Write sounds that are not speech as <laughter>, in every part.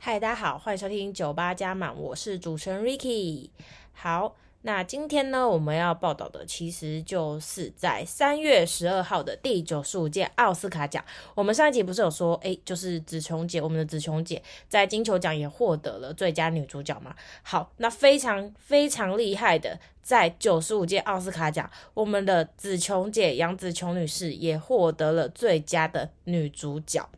嗨，大家好，歡迎收聽酒吧加滿，我是主持人 Ricky。好，那今天呢，我們要報道的其實就是在三月十二號的第九十五屆奧斯卡獎。我們上一集不是有說，哎，就是紫瓊姐，我們的紫瓊姐在金球獎也獲得了最佳女主角嘛？好，那非常非常厲害的，在九十五屆奧斯卡獎，我們的紫瓊姐楊紫瓊女士也獲得了最佳的女主角。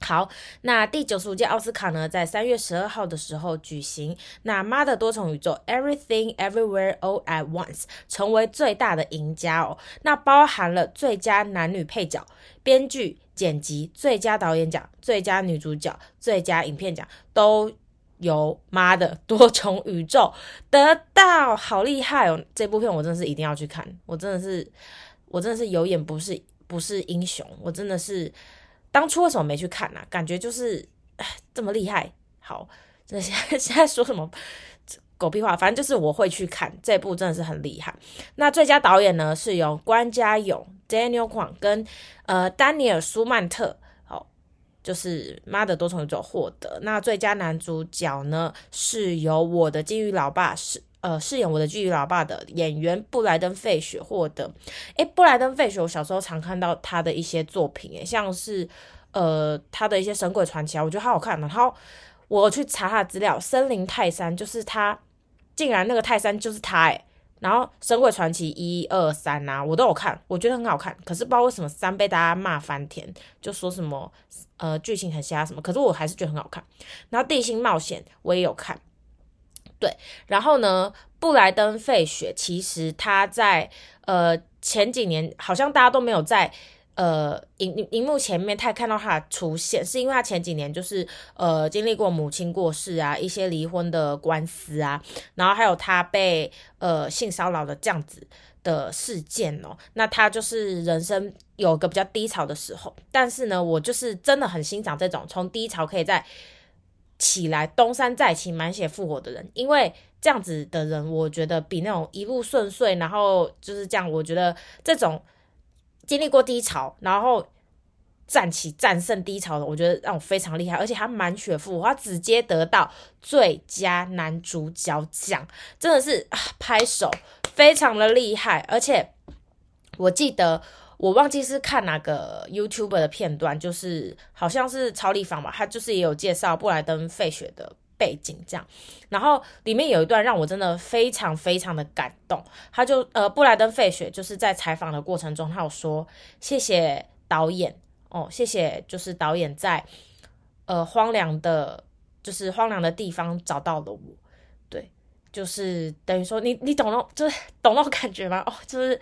好，那第九十五屆奧斯卡呢，在三月十二號的時候舉行。那媽的多重宇宙《Everything Everywhere All at Once》成為最大的贏家哦。那包含了最佳男女配角、編劇、剪輯、最佳導演獎、最佳女主角、最佳影片獎，都由媽的多重宇宙得到，好厲害哦！這部片我真的是一定要去看，我真的是，我真的是有眼不識，不識英雄，我真的是。當初為什麼沒去看呢、啊？感覺就是這麼厲害。好，這現,現在說什麼狗屁話？反正就是我會去看這部，真的是很厲害。那最佳導演呢是由關家永 Daniel Kwan 跟呃丹尼爾舒曼特，好，就是媽的多重宇宙獲得。那最佳男主角呢是由我的金魚老爸是。呃，飾演我的鯨魚老爸的演員布萊登·費雪獲得，誒、欸，布萊登·費雪，我小時候常看到他的一些作品，誒，像是呃，他的一些《神鬼傳奇》，啊，我覺得好好看。然後我去查他的資料，《森林泰山》就是他，竟然那個泰山就是他誒。然後《神鬼傳奇》一二三吶，我都有看，我覺得很好看。可是不知道為什麼三被大家罵翻天，就說什麼呃劇情很瞎什麼，可是我還是覺得很好看。然後《地心冒險》我也有看。對，然後呢，布萊登費雪其實他在呃前幾年好像大家都沒有在呃螢幕前面太看到他的出現，是因為他前幾年就是呃經歷過母親過世啊，一些離婚的官司啊，然後還有他被呃性騷擾的這樣子的事件哦，那他就是人生有個比較低潮的時候，但是呢，我就是真的很欣賞這種從低潮可以在。起來東山再起，滿血復活的人，因為這樣子的人，我覺得比那種一路順遂，然後就是這樣，我覺得這種經歷過低潮，然後戰起戰勝低潮的，我覺得讓我非常厲害，而且他滿血復活，他直接得到最佳男主角獎，真的是拍手非常的厲害，而且我記得。我忘記是看哪個 YouTuber 的片段，就是好像是《超立方》吧，他就是也有介紹布萊登·費雪的背景這樣。然後裡面有一段讓我真的非常非常的感動，他就呃，布萊登·費雪就是在採訪的過程中，他有說謝謝導演哦，謝謝就是導演在呃荒涼的，就是荒涼的地方找到了我，對，就是等於說你你懂那就是懂那種感覺嗎？哦，就是。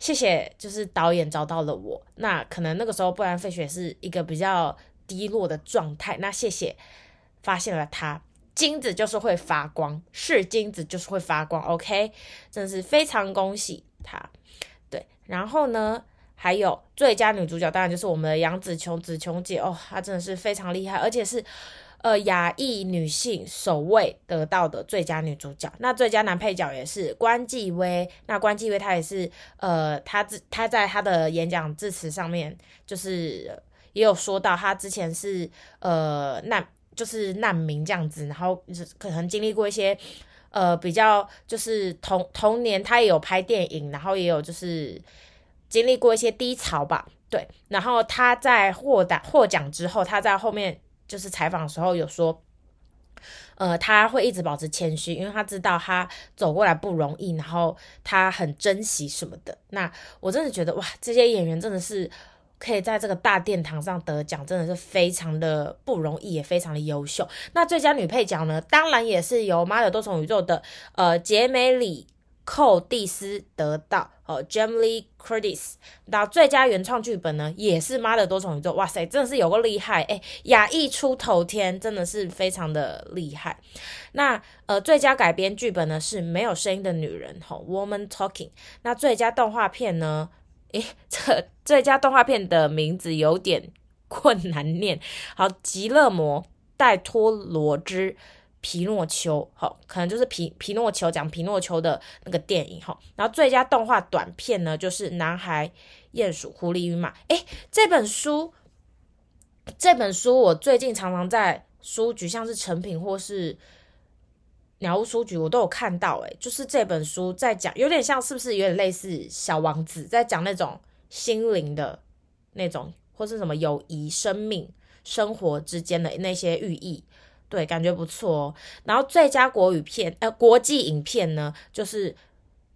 謝謝，就是導演找到了我。那可能那個時候，不然費雪是一個比較低落的狀態。那謝謝，發現了她，金子就是會發光，是金子就是會發光。OK，真的是非常恭喜她。對，然後呢，還有最佳女主角，當然就是我們的楊紫瓊，紫瓊姐哦，她真的是非常厲害，而且是。呃，亞裔女性首位得到的最佳女主角，那最佳男配角也是關繼威。那關繼威他也是，呃，他自他在他的演講致辭上面，就是也有說到，他之前是呃難就是難民這樣子，然後可能經歷過一些呃比較就是童童年，他也有拍電影，然後也有就是經歷過一些低潮吧，對。然後他在獲得獲獎之後，他在後面。就是採訪的時候有說，呃，他會一直保持謙虛，因為他知道他走過來不容易，然後他很珍惜什麼的。那我真的覺得哇，這些演員真的是可以在這個大殿堂上得獎，真的是非常的不容易，也非常的優秀。那最佳女配角呢，當然也是由《媽的多重宇宙》的呃傑美里寇蒂斯得到哦，Jamie Lee Curtis，那最佳原創劇本呢，也是媽的多重宇宙，哇塞，真的是有個厲害哎，亞裔出頭天，真的是非常的厲害。那呃，最佳改編劇本呢，是沒有聲音的女人吼，Woman Talking。哦、那最佳動畫片呢，哎，這最佳動畫片的名字有點困難念，好，吉勒摩戴托羅之皮諾丘，哈、哦，可能就是皮皮諾丘講皮諾丘的那個電影，哈、哦。然後最佳動畫短片呢，就是《男孩、鼴鼠、狐狸與馬》。誒，這本書，這本書我最近常常在書局，像是誠品或是鳥屋書局，我都有看到，欸。誒，就是這本書在講，有點像是不是有點類似《小王子》在講那種心靈的那種，或是什麼友誼、生命、生活之間的那些寓意。對，感覺不錯哦。然後最佳國語片呃國際影片呢，就是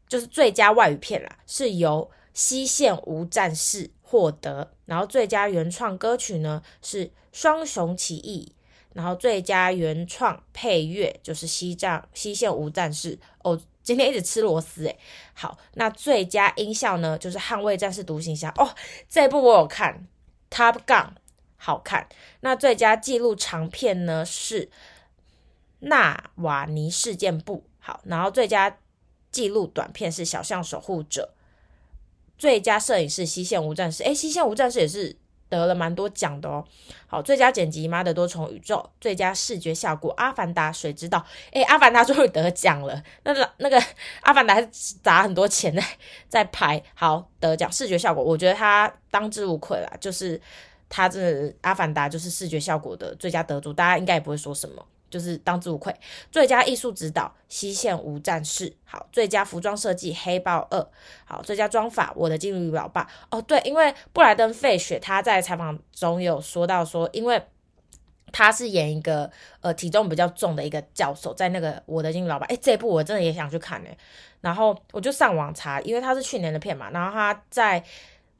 就是最佳外語片啦，是由《西線無戰事》獲得。然後最佳原創歌曲呢是《雙雄起義》，然後最佳原創配樂就是《西藏》，《西線無戰事》哦。今天一直吃螺絲誒，好，那最佳音效呢就是《捍衛戰士獨行俠》哦。這部我有看，Top Gun。好看。那最佳紀錄長片呢是《納瓦尼事件簿》。好，然後最佳紀錄短片是《小象守護者》。最佳攝影師西線無戰事、欸《西線無戰事》。哎，《西線無戰事》也是得了蠻多獎的哦。好，最佳剪輯《媽的多重宇宙》。最佳視覺效果《阿凡達》，誰知道？哎、欸，《阿凡達》終於得獎了。那那個《阿凡達》砸很多錢在在拍，好得獎。視覺效果，我覺得他當之無愧啦，就是。他是《阿凡達》就是視覺效果的最佳得主，大家應該也不會說什麼，就是當之無愧。最佳藝術指導《西線無戰事》。好，最佳服裝設計《黑豹二》。好，最佳妝髮《我的鯨魚老爸》哦，對，因為布萊登·費雪他在採訪中有說到說，因為他是演一個呃體重比較重的一個教授，在那個《我的鯨魚老爸》誒、欸，這一部我真的也想去看誒、欸、然後我就上網查，因為他是去年的片嘛，然後他在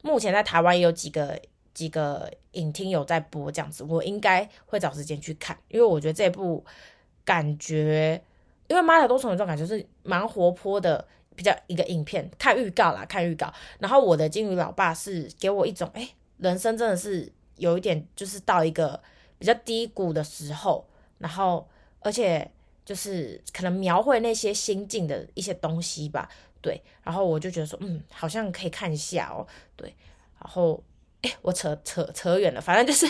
目前在台灣也有幾個。幾個影廳有在播這樣子，我應該會找時間去看，因為我覺得這部感覺，因為《媽的多重》有種感覺是蠻活潑的，比較一個影片，看預告啦，看預告。然後我的鯨魚老爸是給我一種，哎，人生真的是有一點就是到一個比較低谷的時候，然後而且就是可能描繪那些心境的一些東西吧，對。然後我就覺得說，嗯，好像可以看一下哦，對，然後。哎、欸，我扯扯扯遠了，反正就是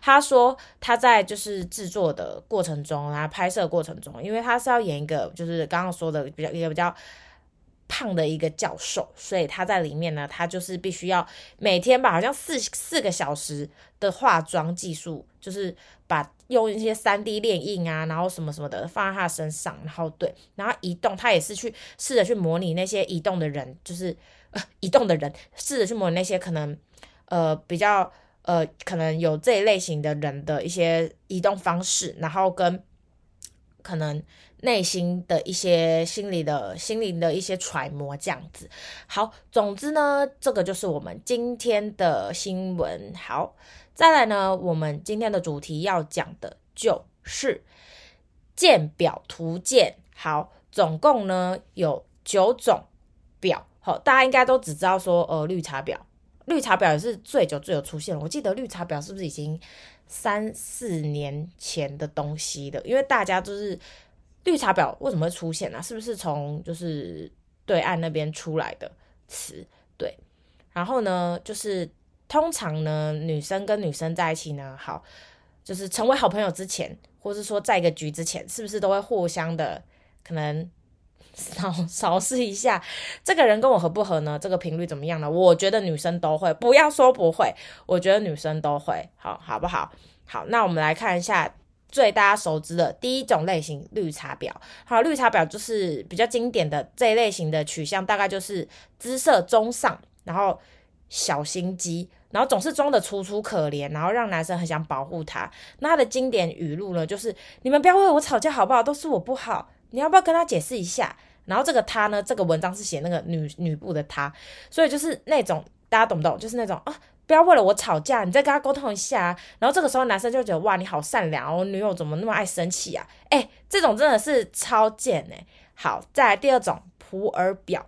他說他在就是製作的過程中、啊，然後拍攝過程中，因為他是要演一個就是剛剛說的比較一個比較胖的一個教授，所以他在裡面呢，他就是必須要每天吧，好像四四個小時的化妝技術，就是把用一些三 D 列印啊，然後什麼什麼的放在他身上，然後對，然後移動他也是去試着去模擬那些移動的人，就是、呃、移動的人，試着去模擬那些可能。呃，比較呃，可能有這一類型的人的一些移動方式，然後跟可能內心的一些心理的心靈的一些揣摩這樣子。好，總之呢，這個就是我們今天的新聞。好，再來呢，我們今天的主題要講的就是賤婊圖鑑。好，總共呢有九種婊。好，大家應該都只知道說呃，綠茶婊。綠茶婊也是最久最有出現。我記得綠茶婊是不是已經三四年前的東西了？因為大家就是綠茶婊為什麼會出現呢、啊？是不是從就是對岸那邊出來的詞？對，然後呢，就是通常呢，女生跟女生在一起呢，好，就是成為好朋友之前，或是說在一個局之前，是不是都會互相的可能？後嘗試一下，這個人跟我合不合呢？這個頻率怎麼樣呢？我覺得女生都會，不要說不會，我覺得女生都會，好好不好？好，那我們來看一下最大家熟知的第一種類型——綠茶婊。好，綠茶婊就是比較經典的這一類型的取向，大概就是姿色中上，然後小心機，然後總是裝的楚楚可憐，然後讓男生很想保護她。那她的經典語錄呢，就是你們不要為我吵架好不好？都是我不好，你要不要跟他解釋一下？然後這個他呢，這個文章是寫那個女女部的他，所以就是那種大家懂不懂？就是那種啊，不要為了我吵架，你再跟他溝通一下啊。然後這個時候男生就覺得哇，你好善良哦，女友怎麼那麼愛生氣啊？哎，這種真的是超賤哎、欸。好，再來第二種普洱婊，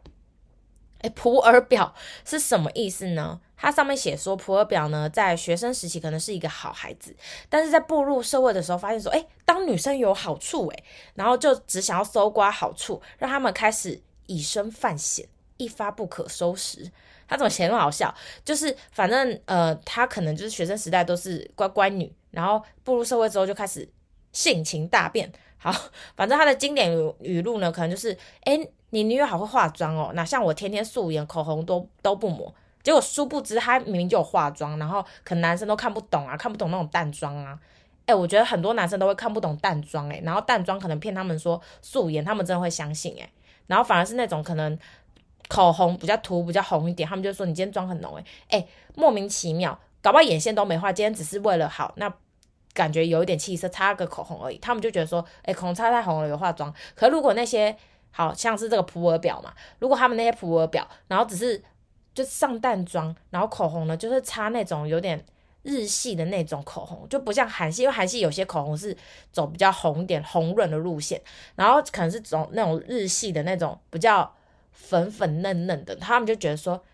哎，普洱婊是什麼意思呢？他上面寫說，普洱婊呢，在學生時期可能是一個好孩子，但是在步入社會的時候，發現說，誒、欸、當女生有好處誒、欸、然後就只想要蒐刮好處，讓他們開始以身犯險，一發不可收拾。他怎麼寫那麼好笑？就是反正呃，他可能就是學生時代都是乖乖女，然後步入社會之後就開始性情大變。好，反正他的經典語錄呢，可能就是，誒、欸、你女友好會化妝哦，哪像我天天素顏，口紅都都不抹。結果殊不知，他明明就有化妝，然後可能男生都看不懂啊，看不懂那種淡妝啊。哎，我覺得很多男生都會看不懂淡妝、欸，哎，然後淡妝可能騙他們說素顏，他們真的會相信、欸，哎，然後反而是那種可能口紅比較塗比較紅一點，他們就說你今天妝很濃、欸，哎哎，莫名其妙，搞不好眼線都沒畫，今天只是為了好那感覺有一點氣色，擦個口紅而已，他們就覺得說，哎，口紅擦太紅了有化妝。可如果那些好像是這個普洱婊嘛，如果他們那些普洱婊，然後只是。就上淡妝，然後口紅呢，就是擦那種有點日系的那種口紅，就不像韓系，因為韓系有些口紅是走比較紅點、紅潤的路線，然後可能是走那種日系的那種比較粉粉嫩嫩的。他們就覺得說，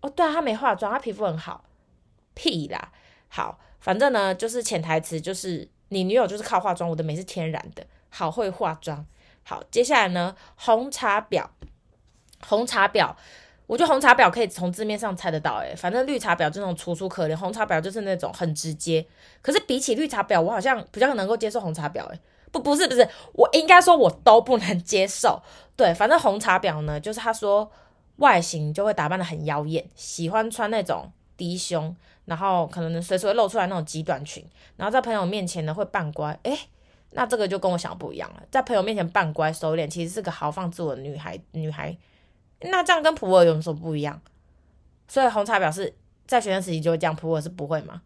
哦，對啊，他沒化妝，他皮膚很好，屁啦，好，反正呢就是潛台詞就是你女友就是靠化妝，我的眉是天然的，好會化妝。好，接下來呢，紅茶婊，紅茶婊。我覺得紅茶婊可以從字面上猜得到，欸，誒，反正綠茶婊就那種楚楚可憐，紅茶婊就是那種很直接。可是比起綠茶婊，我好像比較能夠接受紅茶婊，誒，不，不是不是，我應該說我都不能接受。對，反正紅茶婊呢，就是她說外形就會打扮得很妖艷，喜歡穿那種低胸，然後可能隨時會露出來那種極短裙，然後在朋友面前呢會扮乖，誒、欸，那這個就跟我想的不一樣了，在朋友面前扮乖收斂，其實是個豪放自我的女孩，女孩。那這樣跟普洱有,有什麼不一樣？所以紅茶婊是在學生時期就會這樣，普洱是不會嘛。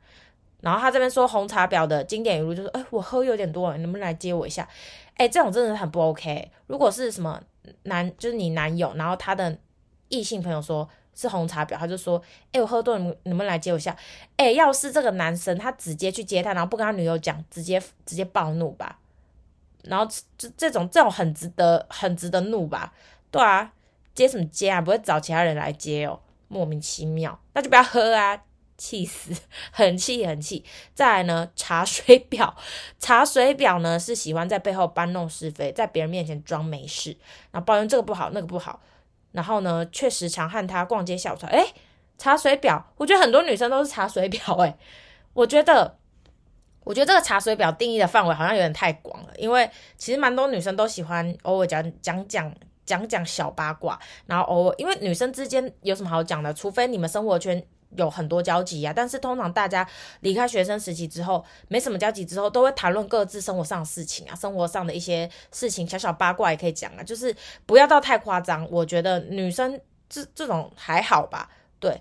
然後他這邊說紅茶婊的經典語錄就是：哎、欸，我喝有點多了，你能不能來接我一下？哎、欸，這種真的很不 OK。如果是什麼男，就是你男友，然後他的異性朋友說是紅茶婊，他就說：哎、欸，我喝多了，你你能不能來接我一下。哎、欸，要是這個男生他直接去接他，然後不跟他女友講，直接直接暴怒吧。然後這這種這種很值得很值得怒吧？對啊。接什麼接啊？不會找其他人來接哦、喔，莫名其妙。那就不要喝啊，氣死，很氣很氣。再來呢，茶水婊，茶水婊呢是喜歡在背後搬弄是非，在別人面前裝沒事，然後抱怨這個不好那個不好。然後呢，確實常和他逛街笑出來。哎，茶水婊，我覺得很多女生都是茶水婊、欸。哎，我覺得，我覺得這個茶水婊定義的範圍好像有點太廣了，因為其實蠻多女生都喜歡偶爾講講講。講講小八卦，然後偶爾、哦，因為女生之間有什麼好講的？除非你們生活圈有很多交集啊。但是通常大家離開學生時期之後，沒什麼交集之後，都會談論各自生活上的事情啊，生活上的一些事情，小小八卦也可以講啊。就是不要到太誇張，我覺得女生這這種還好吧。對，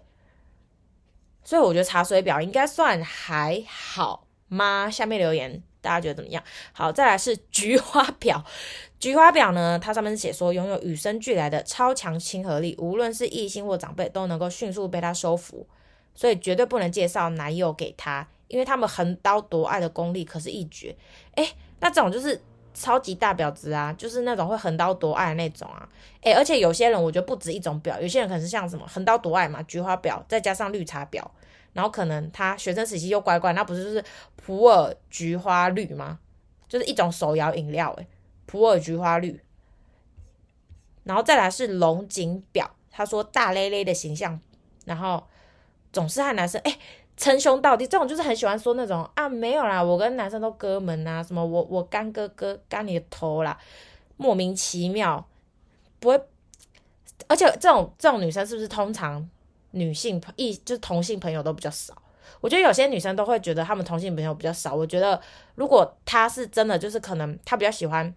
所以我覺得茶水婊應該算還好嗎？下面留言。大家覺得怎麼樣？好，再來是菊花婊。菊花婊呢，它上面寫說擁有與生俱來的超強親和力，無論是異性或長輩都能夠迅速被他收服，所以絕對不能介紹男友給他，因為他們橫刀奪愛的功力可是一絕。誒、欸、那這種就是超級大婊子啊，就是那種會橫刀奪愛的那種啊。誒、欸、而且有些人我覺得不止一種婊，有些人可能是像什麼橫刀奪愛嘛，菊花婊再加上綠茶婊。然後可能他學生時期又乖乖，那不是就是普洱菊花綠嗎？就是一種手搖飲料，哎，普洱菊花綠。然後再來是龍井婊，他說大咧咧的形象，然後總是和男生誒稱兄道弟，這種就是很喜歡說那種啊沒有啦，我跟男生都哥們吶、啊，什麼我我乾哥哥幹你的頭啦，莫名其妙，不會，而且這種這種女生是不是通常？女性朋友就是同性朋友都比較少，我覺得有些女生都會覺得她們同性朋友比較少。我覺得如果他是真的，就是可能他比較喜歡，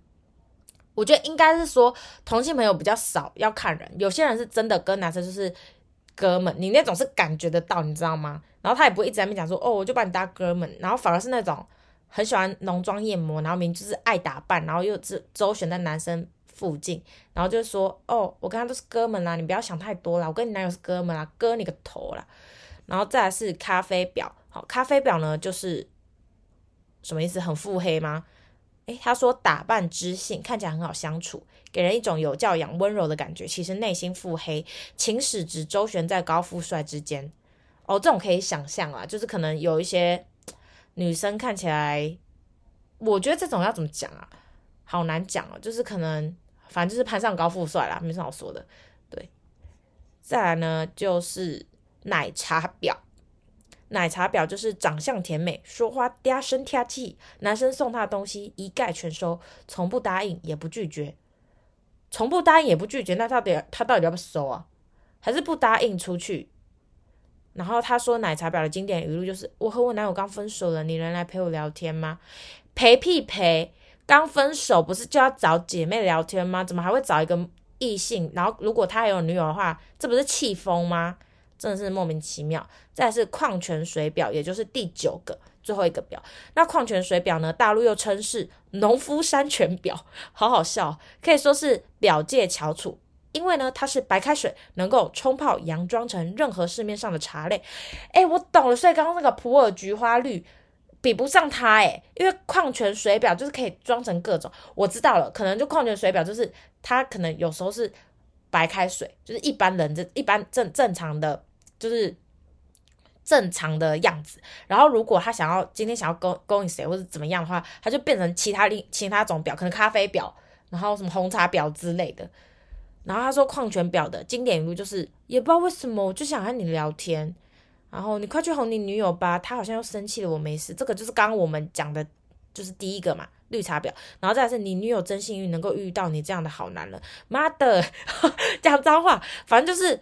我覺得應該是說同性朋友比較少要看人，有些人是真的跟男生就是哥們，你那種是感覺得到，你知道嗎？然後他也不會一直在那邊講說哦，我就把你當哥們，然後反而是那種很喜歡濃妝艷抹，然後明明就是愛打扮，然後又是周旋的男生。附近，然後就是說：“哦，我跟他都是哥們啦，你不要想太多啦。我跟你男友是哥們啦，哥你個頭啦。然後再來是咖啡婊，好，咖啡婊呢就是什麼意思？很腹黑嗎？誒，他說打扮知性，看起來很好相處，給人一種有教養、溫柔的感覺。其實內心腹黑，情史只周旋在高富帥之間。哦，這種可以想象啊，就是可能有一些女生看起來，我覺得這種要怎麼講啊？好難講哦，就是可能。反正就是攀上高富帥啦，沒什麼好說的。對，再來呢就是奶茶婊。奶茶婊就是長相甜美，說話嗲聲嗲氣，男生送她的東西一概全收，從不答應也不拒絕，從不答應也不拒絕，那到底她到底要不要收啊？還是不答應出去？然後她說奶茶婊的經典語錄就是：“我和我男友剛分手了，你能來陪我聊天嗎？”陪屁陪。剛分手不是就要找姐妹聊天嗎？怎麼還會找一個異性？然後如果他還有女友的話，這不是氣瘋嗎？真的是莫名其妙。再來是礦泉水婊，也就是第九個最後一個婊。那礦泉水婊呢？大陸又稱是農夫山泉婊，好好笑哦，可以說是婊界翹楚。因為呢，它是白開水，能夠沖泡，佯裝成任何市面上的茶類。哎，我懂了，所以剛剛那個普洱菊花綠。比不上他，誒、欸，因為礦泉水表就是可以裝成各種。我知道了，可能就礦泉水表就是他可能有時候是白開水，就是一般人這一般正正常的，就是正常的樣子。然後如果他想要今天想要勾勾引誰或者怎麼樣的話，他就變成其他另其他種表，可能咖啡表，然後什麼紅茶表之類的。然後他說礦泉表的經典語錄就是，也不知道為什麼，我就想和你聊天。然後你快去哄你女友吧，她好像又生氣了。我沒事，這個就是剛剛我們講的，就是第一個嘛，綠茶婊。然後再來是你女友真幸運能夠遇到你這樣的好男人，媽的，呵呵講髒話，反正就是，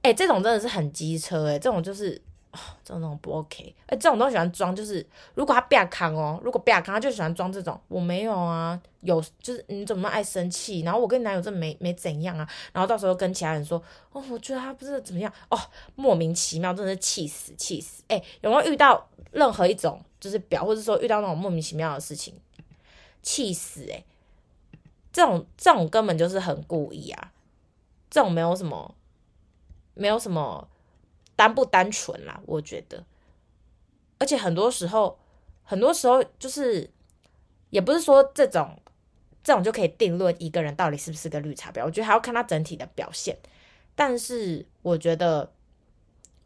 哎、欸，這種真的是很機車、欸，哎，這種就是。哦、這種都不 OK，哎、欸，這種都喜歡裝，就是如果他不要康哦，如果不要康，他就喜歡裝這種。我沒有啊，有就是你怎麼那麼愛生氣？然後我跟你男友真沒沒怎樣啊，然後到時候跟其他人說，哦，我覺得他不知道怎麼樣，哦，莫名其妙，真的是氣死，氣死。哎、欸，有沒有遇到任何一種就是表，或者說遇到那種莫名其妙的事情，氣死哎、欸？這種這種根本就是很故意啊，這種沒有什麼，沒有什麼。單不單純啦、啊？我覺得，而且很多時候，很多時候就是，也不是說這種，這種就可以定論一個人到底是不是個綠茶婊。我覺得還要看他整體的表現。但是，我覺得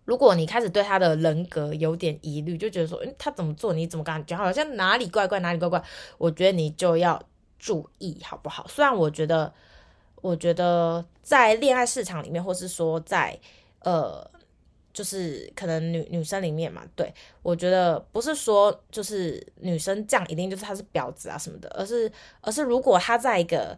如果你開始對他的人格有點疑慮，就覺得說，嗯，他怎麼做，你怎麼感覺好像哪裡怪怪，哪裡怪怪，我覺得你就要注意，好不好？雖然我覺得，我覺得在戀愛市場裡面，或是說在，呃。就是可能女女生裡面嘛，對，我覺得不是說就是女生這樣一定就是她是婊子啊什麼的，而是而是如果她在一個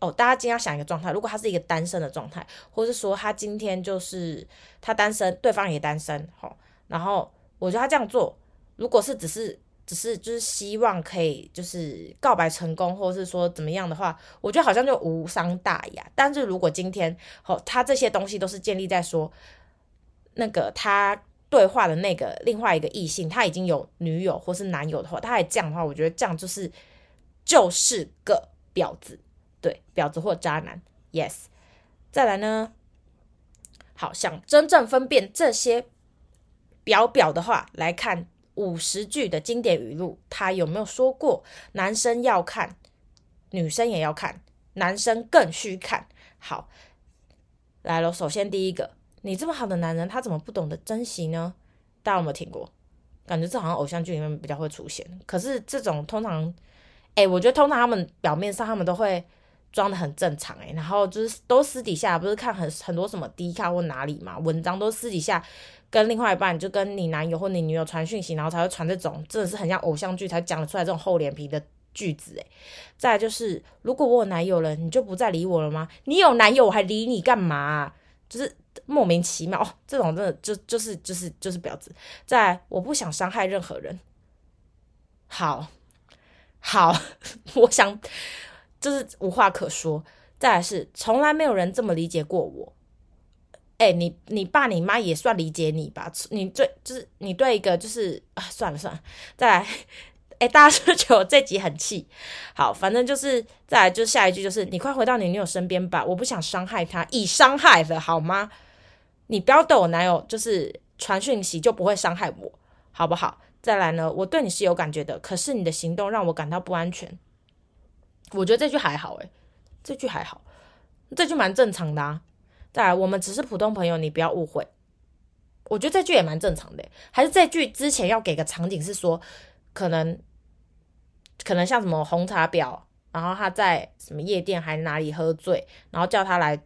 哦，大家今天要想一個狀態，如果她是一個單身的狀態，或是說她今天就是她單身，對方也單身，哦，然後我覺得她這樣做，如果是只是只是就是希望可以就是告白成功，或者是說怎麼樣的話，我覺得好像就無傷大雅。但是如果今天哦，她這些東西都是建立在說。那個他對話的那個另外一個異性，他已經有女友或是男友的話，他還這樣的話，我覺得這樣就是就是個婊子，對，婊子或渣男。Yes，再來呢？好，想真正分辨這些婊婊的話，來看五十句的經典語錄，他有沒有說過？男生要看，女生也要看，男生更需看。好，來了，首先第一個。你這麼好的男人，他怎麼不懂得珍惜呢？大家有沒有聽過？感覺這好像偶像劇裡面比較會出現。可是這種通常，誒、欸，我覺得通常他們表面上他們都會裝得很正常、欸，誒。然後就是都私底下不是看很很多什麼 Dcard 或哪裡嘛，文章都私底下跟另外一半，就跟你男友或你女友傳訊息，然後才會傳這種。真的是很像偶像劇才講得出來這種厚臉皮的句子、欸，誒。再來就是，如果我有男友了，你就不再理我了嗎？你有男友我還理你幹嘛？就是。莫名其妙，哦、這種真的就就是就是就是婊子，再來，我不想傷害任何人。好好， <laughs> 我想就是無話可說。再來是從來沒有人這麼理解過我。哎、欸，你你爸你媽也算理解你吧？你對就是你對一個就是、啊、算了算了。再來，哎、欸，大家是不是覺得我這集很氣？好，反正就是再來就是下一句就是你快回到你女友身邊吧，我不想傷害她，已傷害了好嗎？你不要逗我男友，就是傳訊息就不會傷害我，好不好？再來呢，我對你是有感覺的，可是你的行動讓我感到不安全。我覺得這句還好、欸，誒，這句還好，這句蠻正常的啊。再來，我們只是普通朋友，你不要誤會。我覺得這句也蠻正常的、欸，還是這句之前要給個場景，是說可能可能像什麼紅茶婊，然後他在什麼夜店還哪裡喝醉，然後叫他來。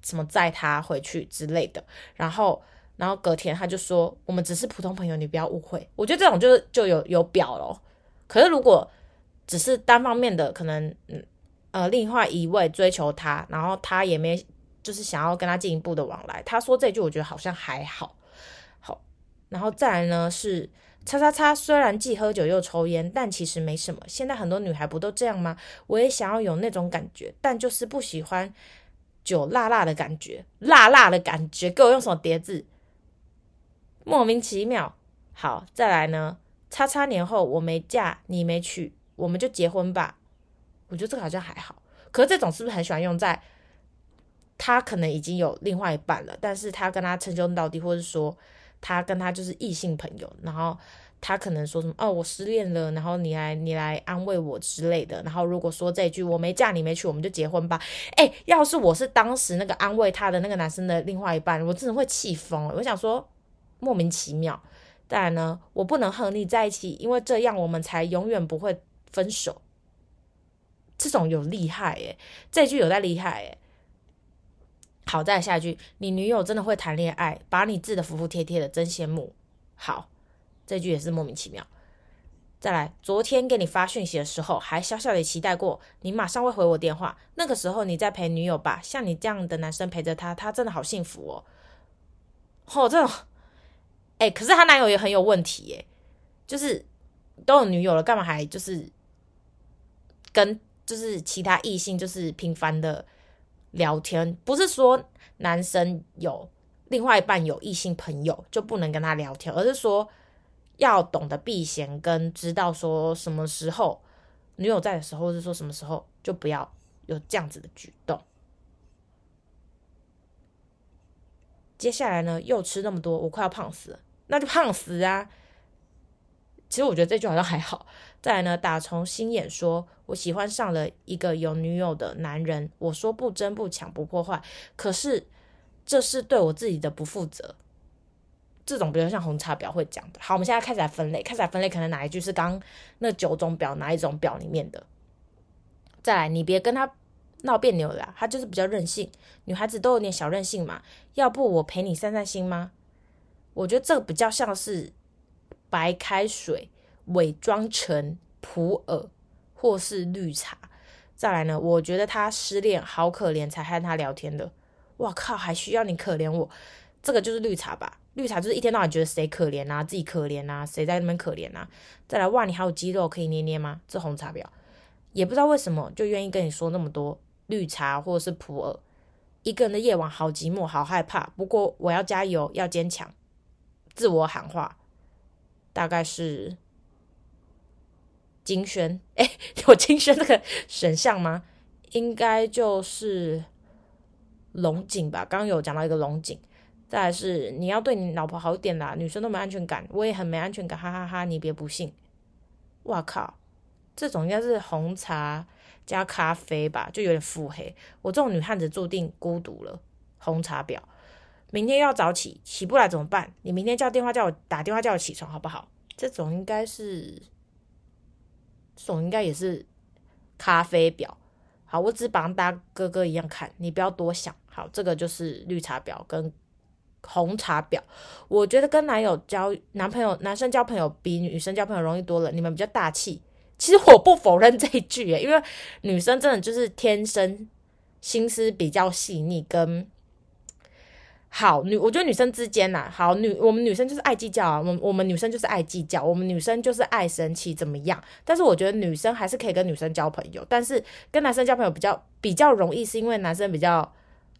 怎麼載他回去之類的，然後，然後隔天他就說：“我們只是普通朋友，你不要誤會。”我覺得這種就是就有有婊了。可是如果只是單方面的，可能嗯呃，另外一位追求他，然後他也沒就是想要跟他進一步的往來。他說這句，我覺得好像還好，好。然後再來呢是叉叉叉，雖然既喝酒又抽煙，但其實沒什麼。現在很多女孩不都這樣嗎？我也想要有那種感覺，但就是不喜歡。就辣辣的感覺，辣辣的感覺，給我用什麼疊字？莫名其妙。好，再來呢？叉叉年後我沒嫁，你沒娶，我們就結婚吧。我覺得這個好像還好。可是這種是不是很喜歡用在他可能已經有另外一半了，但是他跟他稱兄道弟，或者說他跟他就是異性朋友，然後。他可能說什麼哦，我失戀了，然後你來你來安慰我之類的。然後如果說這一句我沒嫁你沒娶，我們就結婚吧。哎，要是我是當時那個安慰他的那個男生的另外一半，我真的會氣瘋。我想說莫名其妙。當然呢，我不能和你在一起，因為這樣我們才永遠不會分手。這種有厲害誒、欸，這句有在厲害誒、欸。好，再來下一句，你女友真的會談戀愛，把你治得服服帖帖的，真羨慕。好。這句也是莫名其妙。再來，昨天給你發訊息的時候，還小小的期待過你馬上會回我電話。那個時候你在陪女友吧？像你這樣的男生陪着她，她真的好幸福哦。哦，這種哎、欸，可是她男友也很有問題耶、欸，就是都有女友了，幹嘛還就是跟就是其他異性就是頻繁的聊天？不是說男生有另外一半有異性朋友就不能跟他聊天，而是說。要懂得避嫌，跟知道說什麼時候女友在的時候，或者說什麼時候就不要有這樣子的舉動。接下來呢，又吃那麼多，我快要胖死了，那就胖死啊！其實我覺得這句好像還好。再來呢，打從心眼說，我喜歡上了一個有女友的男人，我說不爭不搶不破壞，可是這是對我自己的不負責。這種比較像紅茶婊會講的，好，我們現在開始來分類，開始來分類，可能哪一句是剛剛那九種婊哪一種婊裡面的？再來，你別跟他鬧彆扭了，他就是比較任性，女孩子都有點小任性嘛。要不我陪你散散心嗎？我覺得這個比較像是白開水偽裝成普洱或是綠茶。再來呢，我覺得他失戀好可憐，才和他聊天的。哇靠，還需要你可憐我？這個就是綠茶吧。綠茶就是一天到晚覺得誰可憐啊，自己可憐啊，誰在那邊可憐啊。再來，哇，你還有肌肉可以捏捏嗎？這紅茶婊也不知道為什麼就願意跟你說那麼多，綠茶或者是普洱。一個人的夜晚好寂寞，好害怕。不過我要加油，要堅強，自我喊話。大概是金萱，哎，有金萱那個選項嗎？應該就是龍井吧。剛剛有講到一個龍井。再來是你要對你老婆好一點啦。啊，女生都沒安全感，我也很沒安全感，哈哈哈，哈！你別不信。哇靠，這種應該是紅茶加咖啡吧，就有點腹黑。我這種女漢子注定孤獨了。紅茶婊，明天要早起，起不來怎麼辦？你明天叫電話叫我打電話叫我起床好不好？這種應該是，這種應該也是咖啡婊。好，我只把他當哥哥一樣看，你不要多想。好，這個就是綠茶婊跟。紅茶婊，我覺得跟男友交男朋友，男生交朋友比女生交朋友容易多了。你們比較大氣，其實我不否認這一句，欸、因為女生真的就是天生心思比較細膩跟，跟好女。我覺得女生之間，啊、好女，我們女生就是愛計較啊。我我們女生就是愛計較，我們女生就是愛生氣，怎麼樣？但是我覺得女生還是可以跟女生交朋友，但是跟男生交朋友比較比較容易，是因為男生比較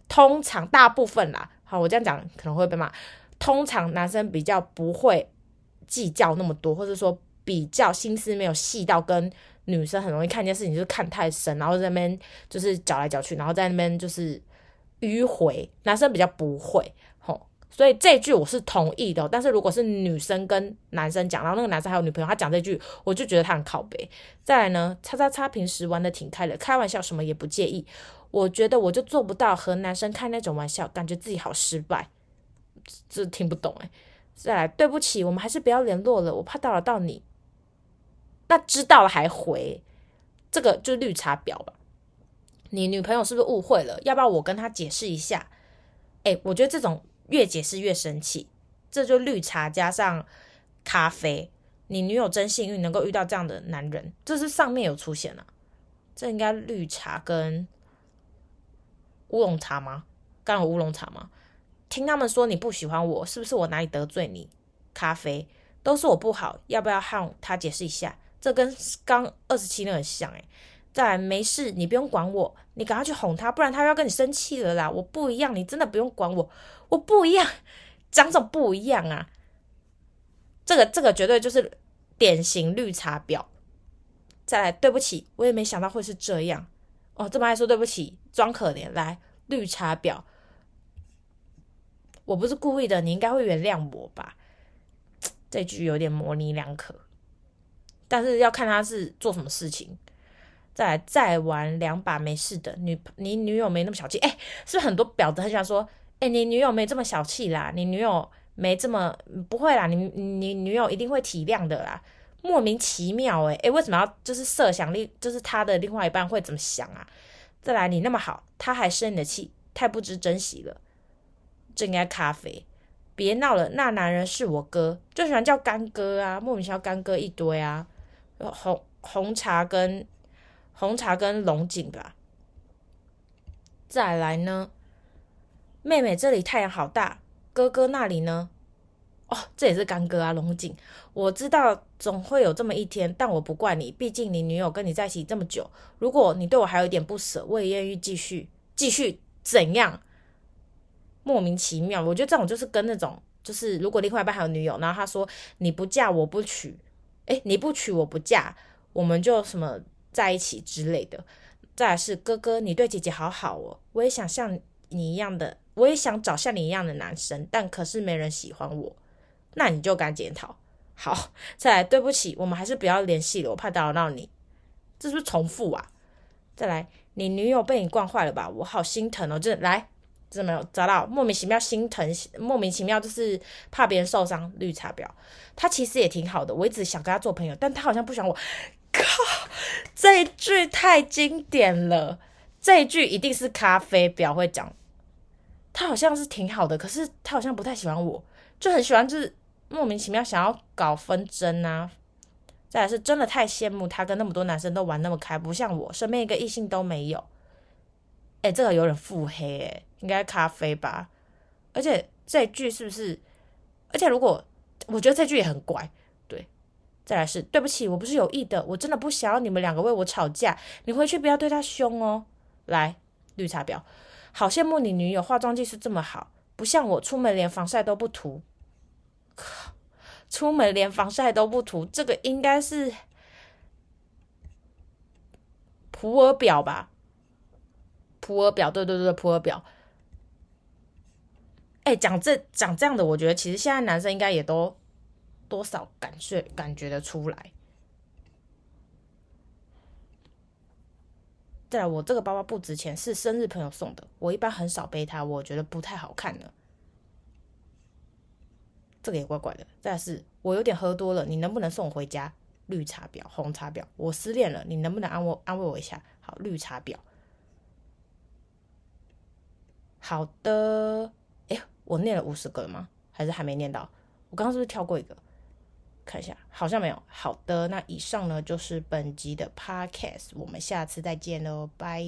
通常大部分啦、啊。好，我這樣講可能會被罵。通常男生比較不會計較那麼多，或者說比較心思沒有細到跟女生，很容易看一件事情就是看太深，然後在那邊就是攪來攪去，然後在那邊就是迂回。男生比較不會，吼，所以這句我是同意的。但是如果是女生跟男生講，然後那個男生還有女朋友，他講這句，我就覺得他很靠北。再來呢，叉叉叉平時玩的挺開的，開玩笑什麼也不介意。我覺得我就做不到和男生開那種玩笑，感覺自己好失敗。這聽不懂哎、欸，再來，對不起，我們還是不要聯絡了，我怕打擾到你。那知道了還回，這個就是綠茶婊吧。你女朋友是不是誤會了？要不要我跟她解釋一下？哎，我覺得這種越解釋越生氣，這就綠茶加上咖啡。你女友真幸運能夠遇到這樣的男人，這是上面有出現了、啊，這應該綠茶跟烏龍茶嗎？剛有烏龍茶嗎？聽他們說你不喜歡我，是不是我哪裡得罪你？咖啡都是我不好，要不要和他解釋一下？這跟剛二十七那個很像、欸、再來，沒事，你不用管我，你趕快去哄他，不然他又要跟你生氣了啦。我不一樣，你真的不用管我，我不一樣，講什麼不一樣啊？這個這個絕對就是典型綠茶婊。再來，對不起，我也沒想到會是這樣。哦，這麼愛說對不起，裝可憐，來，綠茶婊。我不是故意的，你應該會原諒我吧。這句有點模棱兩可，但是要看他是做什麼事情。再來再來，玩兩把沒事的，女、你，你女友沒那麼小氣，哎、欸，是不是很多婊子很想說，哎、欸，你女友沒這麼小氣啦，你女友沒這麼不會啦，你你女友一定會體諒的啦。莫名其妙、欸，哎、欸、哎，為什麼要就是設想，另，就是他的另外一半會怎麼想啊？再來，你那麼好，他還生你的氣，太不知珍惜了。這應該咖啡，別鬧了，那男人是我哥，最喜歡叫乾哥啊，莫名其妙乾哥一堆啊。紅紅茶跟紅茶跟龍井吧。再來呢，妹妹這裡太陽好大，哥哥那裡呢？哦，這也是干戈啊，龍井。我知道總會有這麼一天，但我不怪你，畢竟你女友跟你在一起這麼久。如果你對我還有一點不捨，我也願意繼續繼續怎樣？莫名其妙，我覺得這種就是跟那種就是，如果另外一半還有女友，然後他說你不嫁我不娶，哎，你不娶我不嫁，我們就什麼在一起之類的。再來是哥哥，你對姐姐好好哦，我也想像你一樣的，我也想找像你一樣的男生，但可是沒人喜歡我。那你就趕緊討。好，再來，對不起，我們還是不要聯繫了，我怕打擾到你。這是不是重複啊？再來，你女友被你慣壞了吧？我好心疼哦，這來，真的沒有找到？莫名其妙心疼，莫名其妙就是怕別人受傷。綠茶婊，他其實也挺好的，我一直想跟他做朋友，但他好像不喜歡我。靠，這一句太經典了，這一句一定是咖啡婊會講。他好像是挺好的，可是他好像不太喜歡我。就很喜歡，就是莫名其妙想要搞紛爭啊！再來是真的太羨慕他跟那麼多男生都玩那麼開，不像我身邊一個異性都沒有。哎、欸，這個有點腹黑，欸，應該咖啡吧？而且這句是不是？而且如果我覺得這句也很乖，對。再來是對不起，我不是有意的，我真的不想要你們兩個為我吵架。你回去不要對他兇哦。來，綠茶婊，好羨慕你女友化妝技術這麼好，不像我出門連防曬都不塗。靠，出門連防曬都不塗，這個應該是普洱婊吧？普洱婊，對，對對對，普洱婊。哎、欸，講這講這樣的，我覺得其實現在男生應該也都多少感覺感覺得出來。對，來，我這個包包不值錢，是生日朋友送的，我一般很少背它，我覺得不太好看了。這個也怪怪的，但是我有點喝多了，你能不能送我回家？綠茶婊，紅茶婊，我失戀了，你能不能安慰安慰我一下？好，綠茶婊，好的。哎，我念了五十個了嗎？還是還沒念到？我剛剛是不是跳過一個？看一下，好像沒有。好的，那以上呢就是本集的 Podcast，我們下次再見嘍，拜。